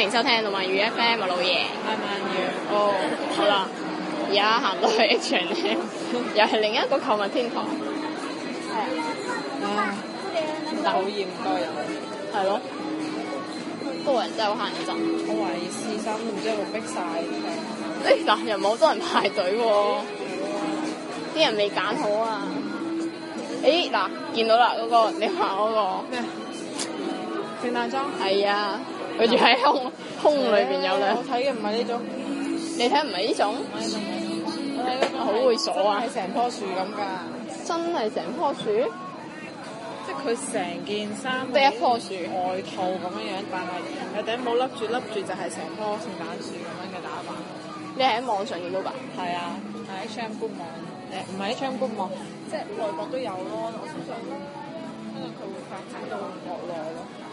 歡迎收聽，同埋 U F M、啊、老爺。I'm an、哎、哦， 好啦，而家行到去 H&M，又係另一個購物天堂。係、哎、啊。唉、哎呀，但係好熱，唔該入去。係咯。嗰、哎哦哎、人真係好閒雜。好懷疑私心，唔知係逼晒。誒、哎，嗱又冇多人排隊喎、啊。啲、哎、呀人未揀好啊？誒、哎，嗱見到啦，嗰、那個你話嗰、那個聖誕裝。係啊、哎。 佢住喺空，空裏邊有兩、欸。我睇嘅唔係呢種，你睇唔係呢種？我睇呢種好猥瑣啊！係成棵樹咁㗎，okay. 真係成棵樹？即係佢成件衫，第、就是、一棵樹外套咁樣樣，但係頂冇笠住笠住，就係成棵聖誕樹咁樣嘅打扮。你喺網上見到吧？係啊，喺穿幫網，唔係喺穿幫網，即係外國都有咯。我相信想，因為佢會發展到國內咯。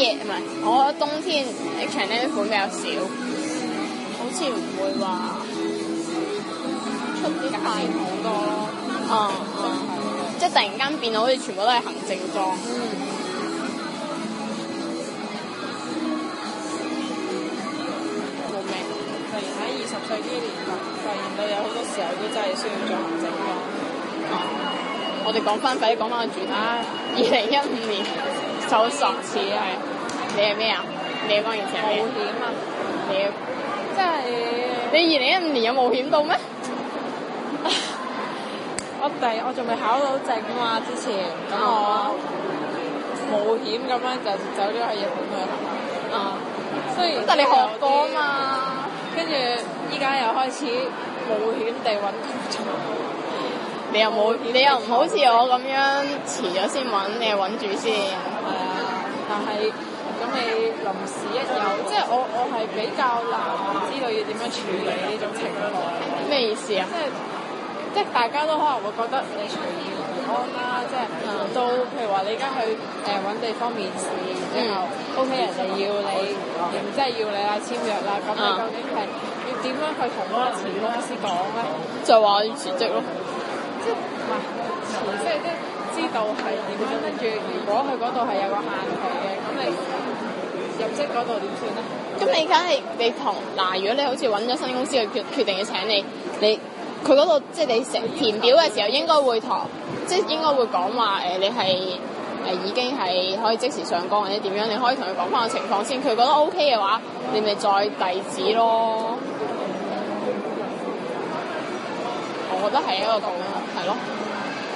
唔係，我覺得冬天 H&M 款比較少，好似唔會話出啲大好多咯。啊啊，即 係樂、嗯 嗯就是、突然間變到好似全部都係行政裝。唔明。嗯，突然喺二十歲呢一年，發現到有好多時候都真係需要著行政裝。我哋講翻，快啲講翻個主打。二零一五年就十次係。你係咩啊？你要講以前咩？冒險啊！你的即係是你二零一五年有冒險到咩？ 我未，我仲未考到證啊嘛。之前咁我冒險咁樣就走咗去日本去學。啊！雖然咁，但係你學過啊嘛，跟住依家又開始冒險地揾工作。你又冇，你又唔好似我咁樣遲咗先揾，你係揾住先。係啊， 但係。你臨時一有，即係我我係比較難知道要點樣處理呢種情況。咩意思啊？即係即係大家都可能會覺得你處於不安啦，嗯、即係、嗯、到譬如話你而家去誒揾、呃、地方面試，之後 O K 人哋要你，嗯、即係要你啦簽約啦，咁你究竟係要點樣去同嗰個前公司講咧？就話要辭職咯。即唔係辭職。啊知道係點樣，跟住如果佢嗰度係有個限期嘅，咁你入職嗰度點算咧？咁你梗係你同嗱，如果你好似揾咗新公司去決決定要請你，你佢嗰度即係你填表嘅時候應該會同，即係應該會講話誒，你係誒已經係可以即時上崗或者點樣，你可以同佢講翻個情況先，佢覺得 OK 嘅話，你咪再遞紙咯。 我覺得係一個講法，係 咯。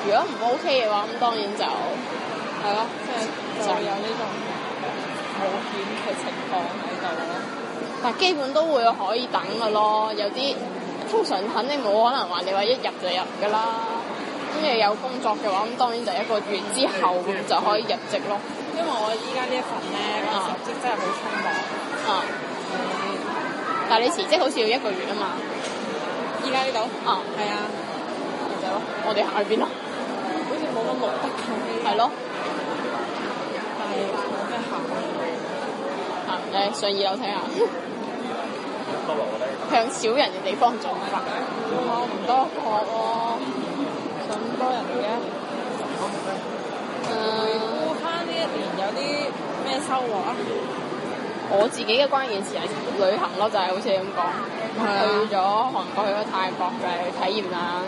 如果唔 OK 嘅話，咁當然就係咯，即係就有呢種冒險嘅情況喺度咯。但係基本都會可以等嘅咯，有啲通常肯定冇可能話你話一入就入㗎啦。咁你有工作嘅話，咁當然就一個月之後就可以入職咯 。因為我依家呢一份咧，個辭職真係好匆忙。啊，啊，但係你辭職好似要一個月啊嘛？依家呢度？啊，係啊，就走 我哋行去邊咯？目的係咯，行，你上二樓睇下。 向少人嘅地方進發。我唔多學喎，咁 多人嘅。誒，烏慳呢一年有啲咩收穫啊？我自己嘅關鍵詞係旅行咯，就係、是、好似你咁講，的去咗韓國，去咗泰國，就係、去體驗下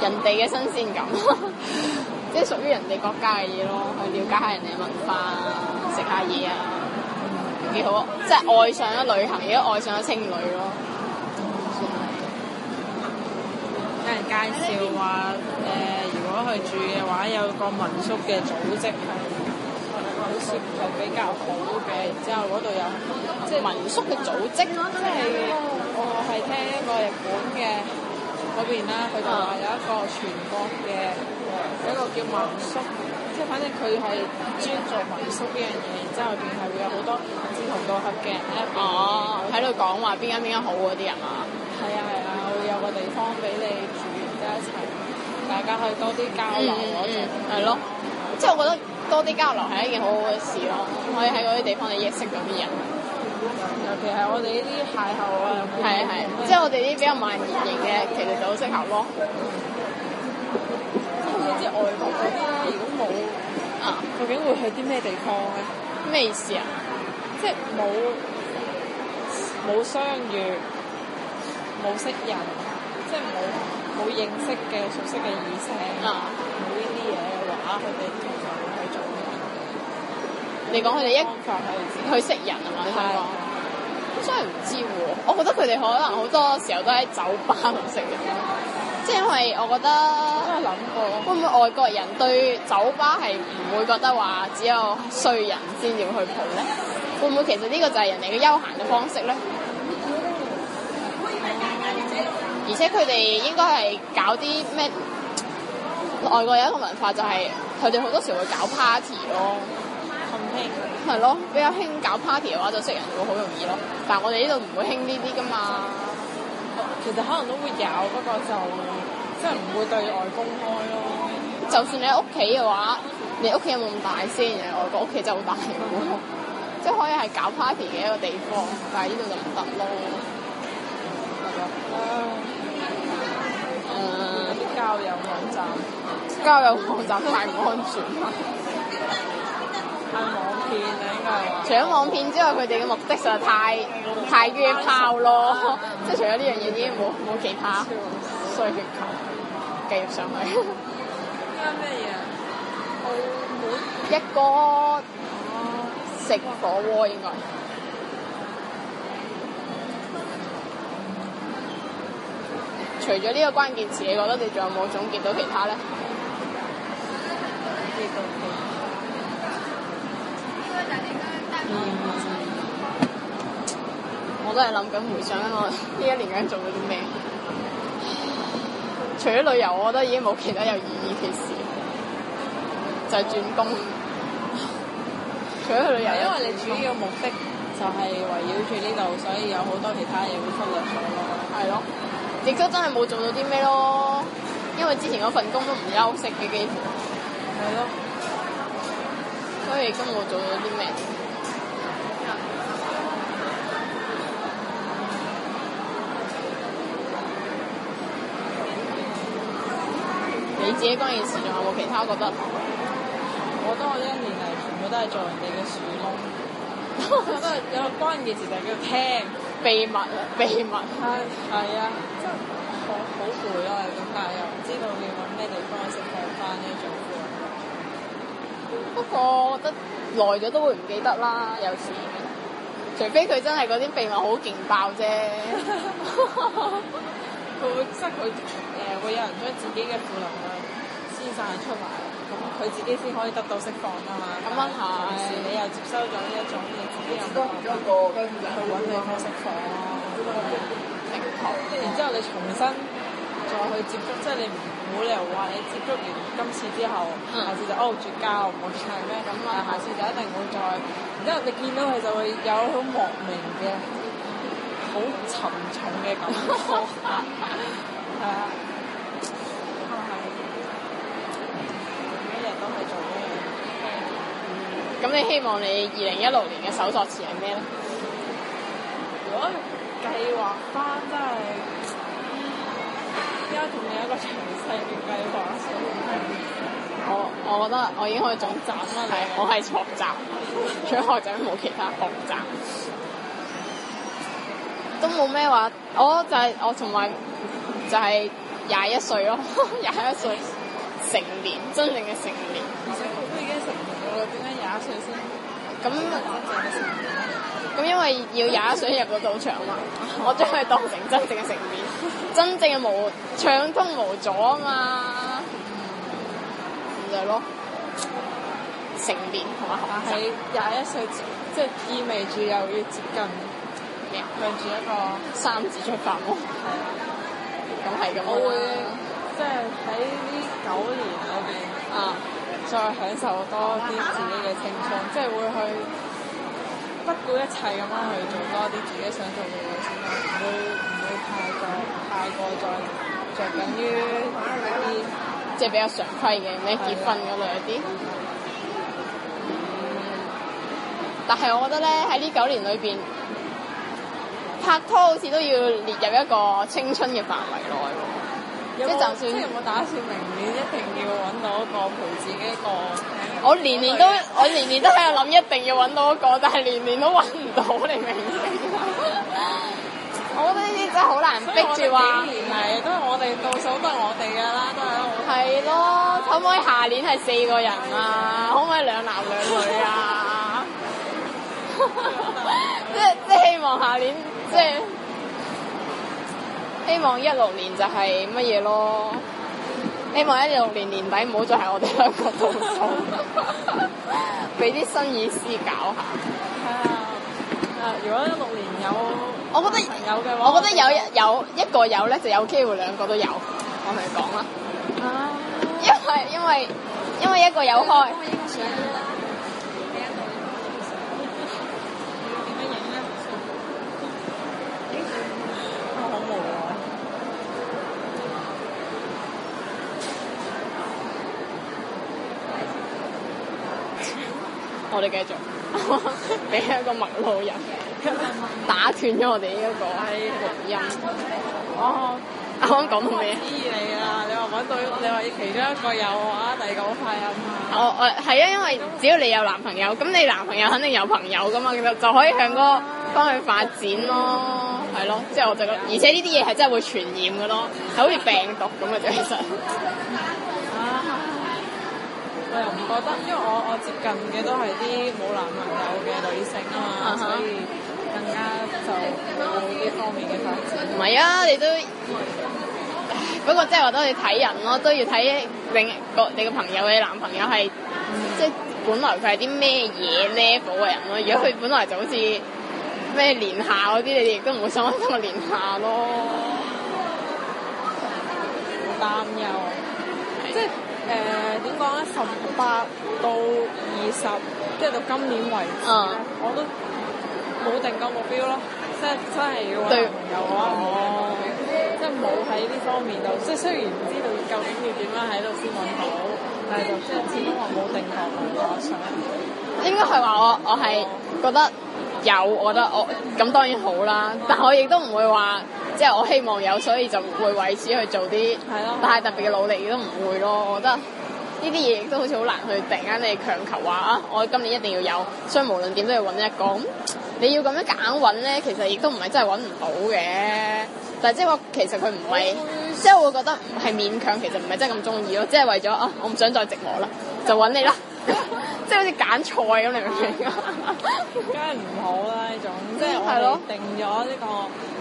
啲人哋嘅新鮮感。 即係屬於人哋國家嘅嘢咯，去了解下人哋嘅文化，食下嘢啊，幾好啊！即係愛上咗旅行，亦都愛上咗青旅咯。算係。有人介紹話誒、呃，如果去住嘅話，有個民宿嘅組織，好似就比較好嘅。之後嗰度有即係民宿嘅組織，即係我係聽過日本嘅嗰邊啦，佢就話有一個全國嘅。一個叫民宿，即係反正佢係專做民宿呢樣嘢，然之後入邊係會有好多志同道合嘅人喺入喺度講話邊間邊間好嗰啲人啊。係啊係啊，會、啊、有個地方俾你住一齊，大家可以多啲交流嗰種。係、嗯嗯、咯，即係我覺得多啲交流係一件好好嘅事咯，可以喺嗰啲地方你認識到啲人，尤其係我哋呢啲邂逅啊。係啊係，嗯、即係我哋呢啲比較慢熱型嘅，其實就好適合咯。即係外國嗰啲咧，如果冇啊，究竟會去啲咩地方咧？咩意思啊？即係冇冇相遇，冇識人，即係冇冇認識嘅熟悉嘅異性啊！冇呢啲嘢嘅話，佢哋通常會去做咩？你講佢哋一去識人係嘛？係。真係唔知喎，啊，我覺得佢哋可能好多時候都喺酒吧度識人。 即係因為我覺得，都係諗過。會唔會外國人對酒吧係唔會覺得話只有衰人先要去蒲咧？會唔會其實呢個就係人哋嘅休閒嘅方式咧、嗯？而且佢哋應該係搞啲咩？外國有一個文化就係，佢哋好多時會搞 party 咯。係、嗯、咯，比較興搞 party 嘅話就，就識人會好容易咯。但係我哋呢度唔會興呢啲㗎嘛。其實可能都會有，不過就即係唔會對外公開咯。就算你喺屋企嘅話，你屋企有冇咁大先？外國屋企就好大喎， 即係可以係搞 party 嘅一個地方，但係呢度就唔得咯。係咯、嗯。交友網站，交友網站太唔安全啦。 網片啦，應該除咗網片之外，佢哋嘅目的實在太太約炮咯，即係除咗呢樣嘢已經，冇冇其他需求，繼續上去。依家咩嘢一個食火鍋應該。除咗呢個關鍵詞，你覺得你仲有冇總結到其他咧？我都係諗緊回想緊我呢一年間做咗啲咩？除咗旅遊，我覺得已經冇其他有意義嘅事，就係、是、轉工。除咗去旅遊，因為你主要嘅目的就係圍繞住呢度，所以有好多其他嘢會忽略咗。係咯，亦都真係冇做到啲咩咯，因為之前嗰份工都唔休息嘅，幾乎。係咯。所以今日我做咗啲咩？自己關鍵詞仲有冇其他覺得？我覺得我一年嚟全部都係做人哋嘅樹窿。 我覺得有個關鍵詞就叫聽秘密啊！秘密、哎、啊！係啊！真係好好攰咯，又咁，又唔知道要揾咩地方先講翻呢種。不過覺得耐咗都會唔記得啦，有時。除非佢真係嗰啲秘密好勁爆啫，佢 會塞佢。會有人將自己嘅負能量先散出嚟，咁佢自己先可以得到釋放啊嘛。咁啊下次時你又接收咗呢一種，跟住就去搵你去釋放、平衡、嗯。即係、嗯、然之後你重新再去接觸，即係你唔冇理由話你接觸完今次之後，下次就哦、oh, 絕交唔好嘅咩？咁啊，嗯、下次就一定會再。然之後你見到佢就會有好莫名嘅、好沉重嘅感覺，係啊。咁你希望你二零一六年嘅搜索詞係咩咧？如果、哦、計劃翻，真係依家同你有一個詳細嘅計劃，是是我我覺得我已經可以總集啦，係我係 學習，除開就冇其他學習，都冇咩話。哦就是、我就係我同埋就係廿一歲咯，廿 一歲成年，真正嘅成年。 廿歲先，先，咁咁因為要廿一歲入到賭場嘛，我將佢當成真正嘅成年，真正嘅無暢通無阻啊嘛，咁、嗯、就係、是、咯，成年同埋學習。但係廿一歲即係意味住又要接近，向住一個三字出發喎。咁係咁樣。我會即係喺呢九年裏邊啊。再享受多啲自己嘅青春，即係會去不顧一切咁樣去做多啲自己想做嘅嘢，先啦，唔會唔會太過太過再著緊於啲、嗯、即係比較常規嘅咩結婚嗰類一啲。嗯、但係我覺得咧，喺呢九年裏邊拍拖好似都要列入一個青春嘅範圍內。即係就算，即有冇打算明年一定要揾到一個陪自己過？我年年都，我年年都喺度諗一定要揾到一個，但係年年都揾唔到，你明唔明？ 我覺得呢啲真係好難逼住話。係，都係我哋倒數到都係我哋㗎啦。係咯， 可唔可以下年係四個人啊？的可唔可以兩男兩女啊？ 即係即係希望下年、嗯、即係。希望一六年就係乜嘢咯？希望一六年年底唔好再係我哋兩個倒數，俾啲新意思搞下。係啊，啊！如果一六年有，我覺得有嘅話，我覺得有一有一個有咧就有機會兩個都有。我咪講啦，因為因為因為一個有開。 我哋繼續，俾 一個陌路人 打斷咗我哋呢個喺錄音。啱啱講到咩啊？你二嚟，你話揾到，你話其中一個有嘅話，第九派有嘛？我，我係啊，因為只要你有男朋友，咁 你男朋友肯定有朋友噶嘛，其實就可以向嗰個翻去發展咯，係咯。即係我就覺得，而且呢啲嘢係真係會傳染噶咯，係好似病毒咁嘅東西。 我又唔覺得，因為我我接近嘅都係啲冇男朋友嘅女性啊嘛，uh huh. 所以更加就冇呢方面嘅發展。唔係啊，你都不過即係話都你睇人咯、啊，都要睇整個你個朋友嘅男朋友係即係本來佢係啲咩嘢 level 嘅人咯、啊。如果佢本來就好似咩連下嗰啲，你哋亦都唔會想同佢連下咯。好擔憂，即係的。就是誒點講咧？十八到二十，即係到今年為止，嗯、我都冇定過目標咯。即係真係嘅話，對朋友嘅我即係冇喺呢方面就，即係雖然唔知道究竟要點樣喺度先揾到，但係就即係，始終我冇定過目標想。應該係話我，我係覺得。有，我覺得我咁當然好啦。但係我亦都唔會話，即係我希望有，所以就會為此去做啲但係特別嘅努力，亦都唔會咯。我覺得呢啲嘢亦都好似好難去突然間你強求話啊，我今年一定要有，所以無論點都要揾一個。嗯，你要咁樣揀揾咧，其實亦都唔係真係揾唔到嘅。但係即係話其實佢唔係，我即係會覺得係勉強，其實唔係真係咁中意咯。即係為咗啊，我唔想再寂寞啦，就揾你啦。 即係好似揀菜咁，你明唔明啊？梗係唔好啦，呢種即係我定咗呢個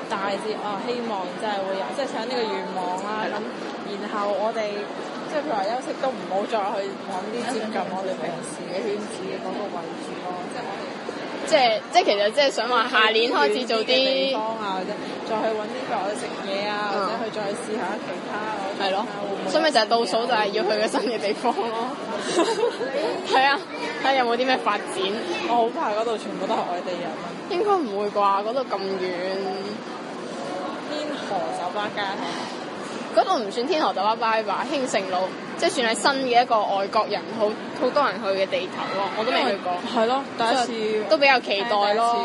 大節啊、哦，希望即係會有，即係想呢個願望啦。咁的然後我哋 即係譬如話休息都唔好再去搵啲接近我哋平時嘅圈子嘅嗰個位置咯。即係即係，其實即係想話下年開始做啲地方啊，或者再去揾啲地方去食嘢啊，嗯、或者去再試下其他、啊。係咯，會會啊、所以咪就係倒數，就係要去個新嘅地方咯。係啊，睇下有冇啲咩發展。我好怕嗰度全部都係外地人。應該唔會啩？嗰度咁遠。天河酒吧街。嗰度唔算天河酒吧吧吧，興盛路即係算係新嘅一個外國人好好多人去嘅地頭咯，我都未去過。係咯，第一次都比較期待咯，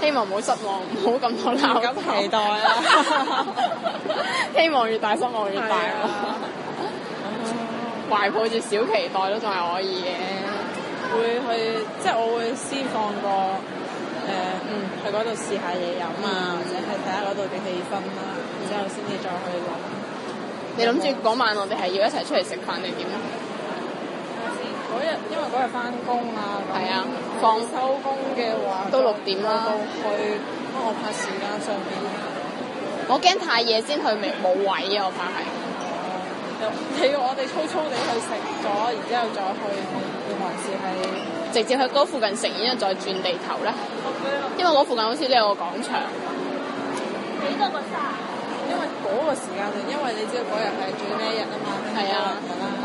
希望唔好失望，唔好咁多鬧。咁期待啦，希望越大失望越大咯。懷抱住小期待都仲係可以嘅，會去即係我會先放個誒嗯去嗰度試下嘢飲啊，或者係睇下嗰度嘅氣氛啦，然之後先至再去諗。你諗住嗰晚我哋係要一齊出嚟食飯定點啊？嗰日因為嗰日翻工啊，係啊，放收工嘅話都六點啦，去，因、啊、為，我怕時間上面我驚太夜先去未冇位啊，我怕係、嗯。你要我哋粗粗地去食咗，然之後再去，還是係直接去嗰附近食，然之後再轉地頭咧？Okay. 因為嗰附近好似都有個廣場。幾多個因為嗰個時間定，因為你知道嗰日係最咩日啊嘛，係啊，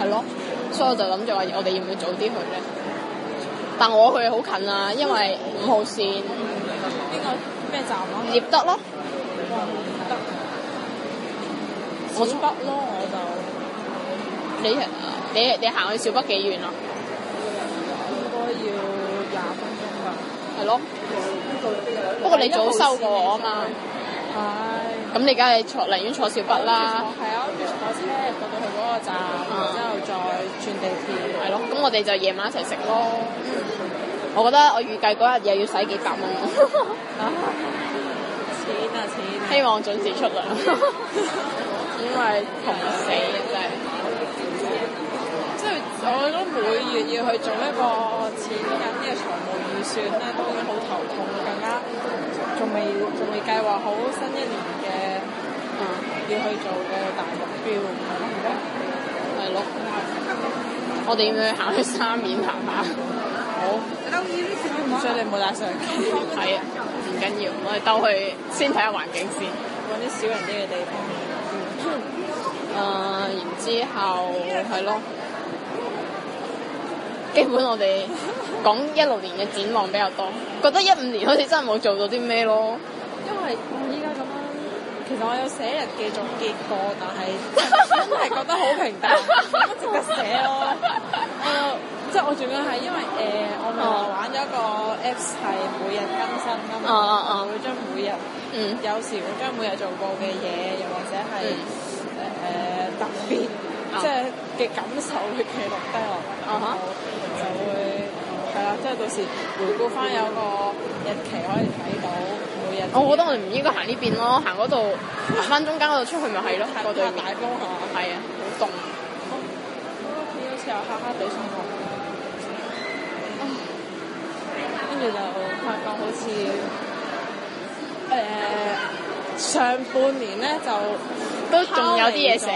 係咯，所以我就諗住話，我哋要唔要早啲去咧？但係我去好近啊，因為五號線，邊個咩站咯？獵德咯，小北咯，我就你你你行去小北幾遠啊？應該要廿分鐘吧。係咯。不過你早收過我啊嘛。係。咁你而家坐，寧願坐小巴啦。係啊，要坐車過到去個站，然之後再轉地鐵，係咯，咁我哋就夜晚一齊食咯。嗯。我覺得我預計嗰日又要使幾百蚊。啊！錢啊錢，希望準時出嚟。因為窮死嘅真係。即係我覺得每月要去做一個錢嘅財務預算咧，都已經好頭痛啦。未仲未計劃好新一年嘅，嗯，要去做嘅大目標，係咯，嗯，咯我哋要唔要行去沙面行下？好，所以、嗯、你冇帶上機， 係啊，唔緊要，我哋兜去先睇下環境先，揾啲少人啲嘅地方，嗯，嗯，然之後係咯。基本我哋講一六年嘅展望比較多，覺得一五年好似真係冇做到啲咩咯。因為我依家咁樣，其實我有寫日記做總結，但係真係覺得好平淡，冇乜值得寫咯。我即係我仲要係因為誒、呃，我原來玩咗一個 Apps 係每日更新㗎嘛，會將每日有時會將每日做過嘅嘢，又或者係誒、嗯呃、特別、啊、即係嘅感受去記錄低落。嗯 uh huh. 即係到時回顧翻有個日期可以睇到每日。我覺得我哋唔應該行呢邊咯，行嗰度行翻中間嗰度出去咪係咯，嗰度大風，係係啊，好凍。屋企好似有時候黑黑地出嚟，跟、哦、住就發覺 好似誒、呃、上半年咧就都仲有啲嘢寫，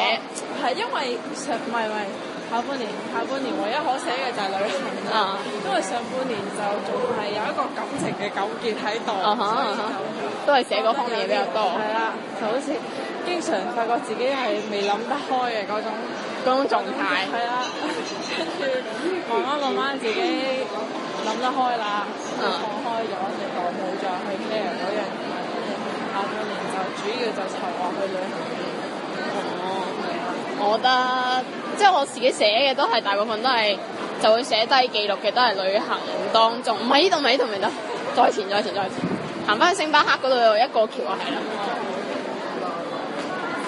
係因為上唔係唔係。下半年，下半年唯一可寫嘅就係旅行，嗯、因為上半年就仲係有一個感情嘅糾結喺度，嗯、嘩都係寫嗰方面比較多。係啦、嗯，對就好似經常發覺自己係未諗得開嘅嗰種嗰種狀態。係啦，跟住慢慢慢慢自己諗得開啦，放、嗯、開咗，亦都冇再去 care 嗰樣。下半年就主要就籌劃去旅行。我覺得即係我自己寫嘅都係大部分都係就會寫低記錄嘅都係旅行當中，唔係呢度，唔係呢度，唔係呢度，再前再前再前，行翻去星巴克嗰度有一個橋啊，係啦，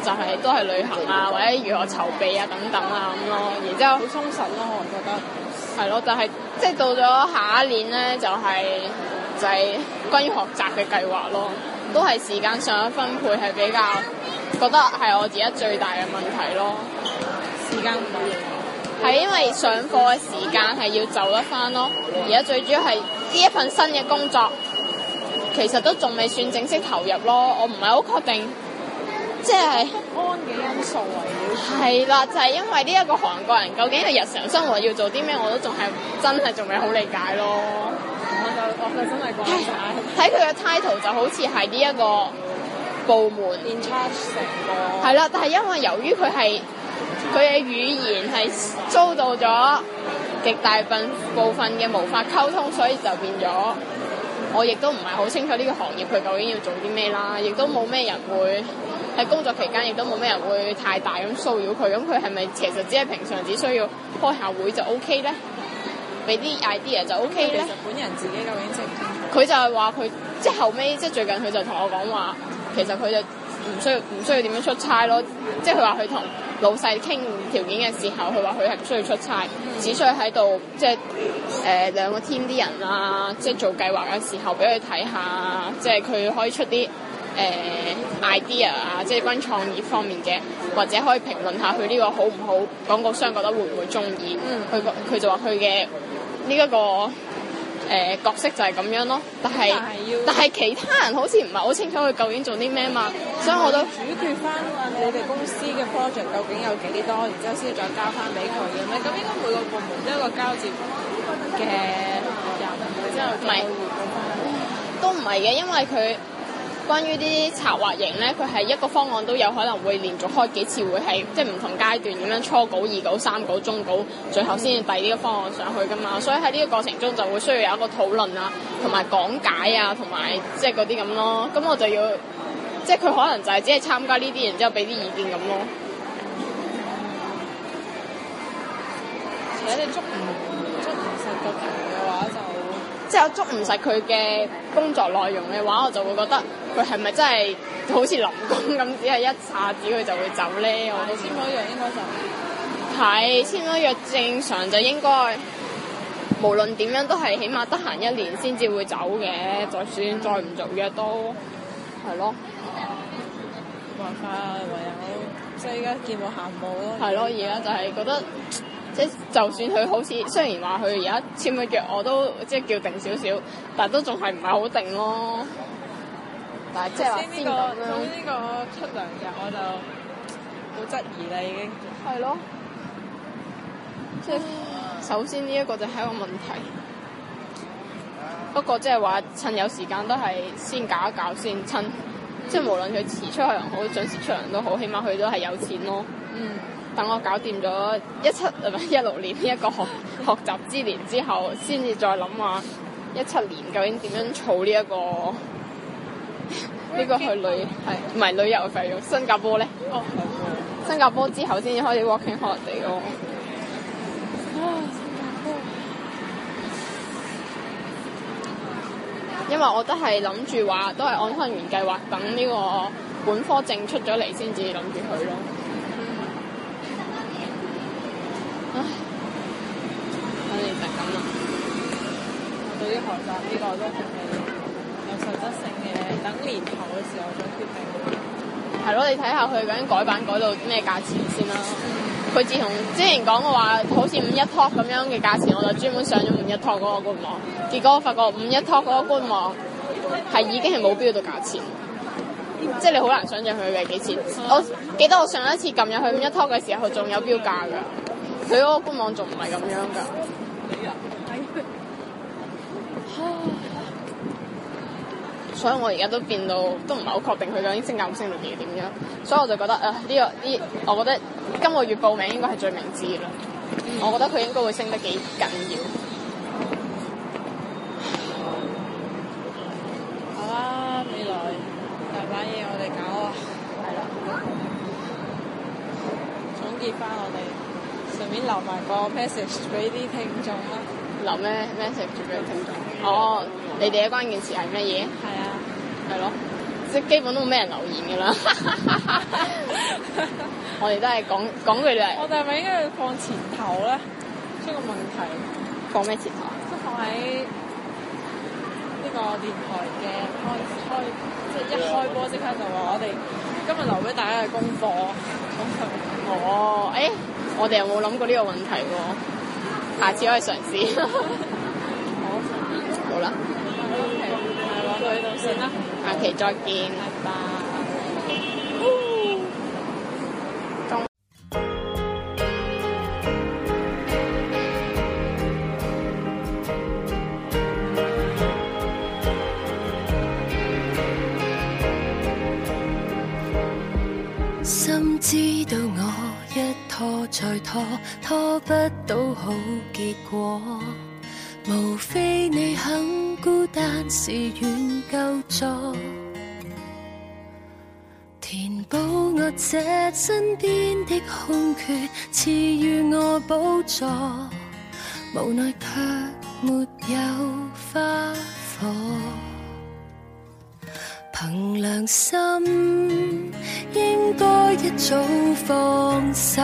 就係、是、都係旅行啊，或者如何籌備啊等等啊咁咯，然之後好充實咯、啊，我覺得係咯，但係即係到咗下一年咧，就係、是、就係、是、關於學習嘅計劃咯。都係時間上嘅分配係比較覺得係我自己最大嘅問題咯，時間唔夠。係因為上課嘅時間係要走得翻咯，而家最主要係呢一份新嘅工作其實都仲未算正式投入咯，我唔係好確定，即係不安嘅因素啊。係啦，就係因為呢一個韓國人究竟係日常生活要做啲咩，我都仲係真係仲未好理解咯。睇佢嘅 title 就好似係呢一個部門 in charge 成個，係啦， 但係因為由於佢係佢嘅語言係遭到咗極大份部分嘅無法溝通，所以就變咗我亦都唔係好清楚呢個行業佢究竟要做啲咩啦，亦都冇咩人會喺工作期間，亦都冇咩人會太大咁騷擾佢，咁佢係咪其實只係平常只需要開下會就 OK 咧？俾啲 idea 就 O、ok、K 其實本人自己究竟咧。佢就係話佢，即係後尾，即係最近佢就同我講話，其實佢就唔需要唔需要點樣出差咯。即係佢話佢同老細傾條件嘅時候，佢話佢係唔需要出差，嗯、只需要喺度即係兩個 team 啲人啦，即係、呃啊、做計劃嘅時候俾佢睇下，即係佢可以出啲誒、呃、idea 啊，即係關於創業方面嘅，或者可以評論下佢呢個好唔好，廣告商覺得會唔會中意。佢佢、嗯、就話佢嘅。呢一、這個誒、呃、角色就係咁樣咯，但係但係是其他人好似唔係好清楚佢究竟做啲咩嘛，嗯、所以我都主決翻你哋公司嘅 project 究竟有幾多，然之後先至再交翻俾佢嘅咩？咁應該每個部門都一個交接嘅人，唔係都唔係嘅，因為佢。關於啲策劃型咧，佢係一個方案都有可能會連續開幾次會，係即係唔同階段咁樣初稿、二稿、三稿、中稿，最後先至遞呢個方案上去噶嘛。所以喺呢個過程中就會需要有一個討論啊，同埋講解啊，同埋即係嗰啲咁咯。咁我就要，即係佢可能就係只係參加呢啲然之後俾啲意見咁咯。而且你、嗯、捉唔捉唔實個題嘅話就，即係我捉唔實佢嘅工作內容嘅話，我就會覺得。佢係咪真係好似臨工咁，只係一下子佢就會走咧？我哋簽咗約應該就係簽咗約，正常就應該無論點樣都係，起碼得閒一年先至會走嘅。就算再唔續約都係咯，冇辦法唯有即係而家見步行步咯。係咯，而家就係覺得即係，就算佢好似雖然話佢而家簽咗約我，我都即係叫定少少，但都仲係唔係好定咯。首先呢、呢個，首先呢個出糧嘅我就好質疑啦，已經。係咯。即係首先呢一個就係一個問題。不過即係話趁有時間都係先搞一搞先，趁、嗯、即係無論佢遲出去又好，準時出糧都好，起碼佢都係有錢咯。嗯。等我搞掂咗一七唔係一六年呢一個學 學習之年之後，先至再諗下，一七年究竟點樣儲呢、呢、一個。呢個去旅係唔係旅遊嘅費用？新加坡咧，哦、新加坡之後先至開始 working holiday 咯、啊。因為我都係諗住話，都係按完計劃等呢個本科證出咗嚟先至諗住去咯。唉、啊，反正就係噉喇。對於學習呢、呢個都仲未有實質性。等年頭嘅時候再決定係咯，你睇下佢究竟改版改到咩價錢先啦。佢自從之前講嘅話，好似五一托咁樣嘅價錢，我就專門上咗五一托嗰個官網。結果我發覺五一托嗰個官網係已經係冇標到價錢，嗯、即係你好難想象佢嘅幾錢。我記得我上一次撳入去五一托嘅時候，仲有標價噶。佢嗰個官網仲唔係咁樣噶。所以我而家都變到都唔係好確定佢究竟升價升到幾點樣，所以我就覺得啊呢個呢，我覺得今個月報名應該係最明智啦。我覺得佢應該會升得幾緊要。好啦，未來大把嘢我哋搞啊！係啦，總結翻我哋，順便留埋個 message 俾啲聽眾啦。留咩 message 俾啲聽眾？哦，你哋嘅關鍵詞係咩嘢？係。係咯，即基本都冇咩人留言噶啦。哈哈哈哈 我哋都係講講佢哋。 我哋係咪應該要放前頭咧？出個問題，放咩前頭？即 放喺呢個電台嘅開開，即係一開波即刻就話我哋今日留俾大家嘅功課。哦，誒、欸，我哋有冇諗過呢個問題喎？下次可以嘗試。 好啦。算啦，下期再見。拜拜。中。心知道我一拖再拖，拖不到好結果。無非你肯。萬是願救助，填補我這身邊的空缺，賜予我補助。無奈卻沒有花火。憑良心，應該一早放手。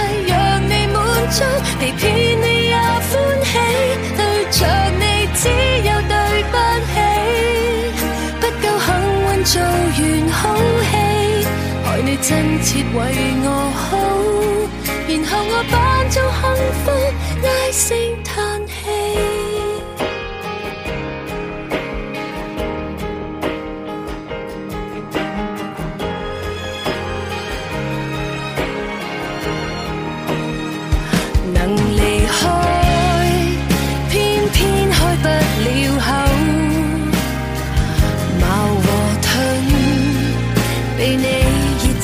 欺騙你也歡喜，對着你只有對不起，不夠幸運，做完好戲，害你真切為我好，然後我扮做幸福嗌聲。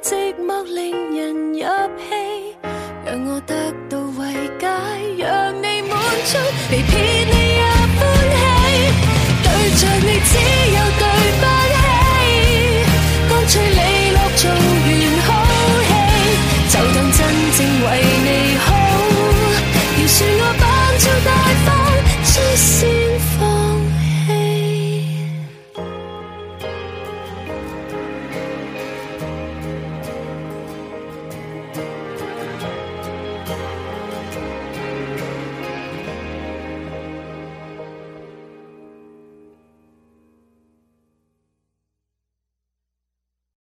寂寞令人入戲，讓我得到慰解，讓你滿足，被騙你也歡喜。對着你只有對不起，乾脆利落做完好戲，就當真正為你好。饒恕我扮作大方。